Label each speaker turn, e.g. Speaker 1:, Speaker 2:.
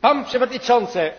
Speaker 1: Pan przewodniczący!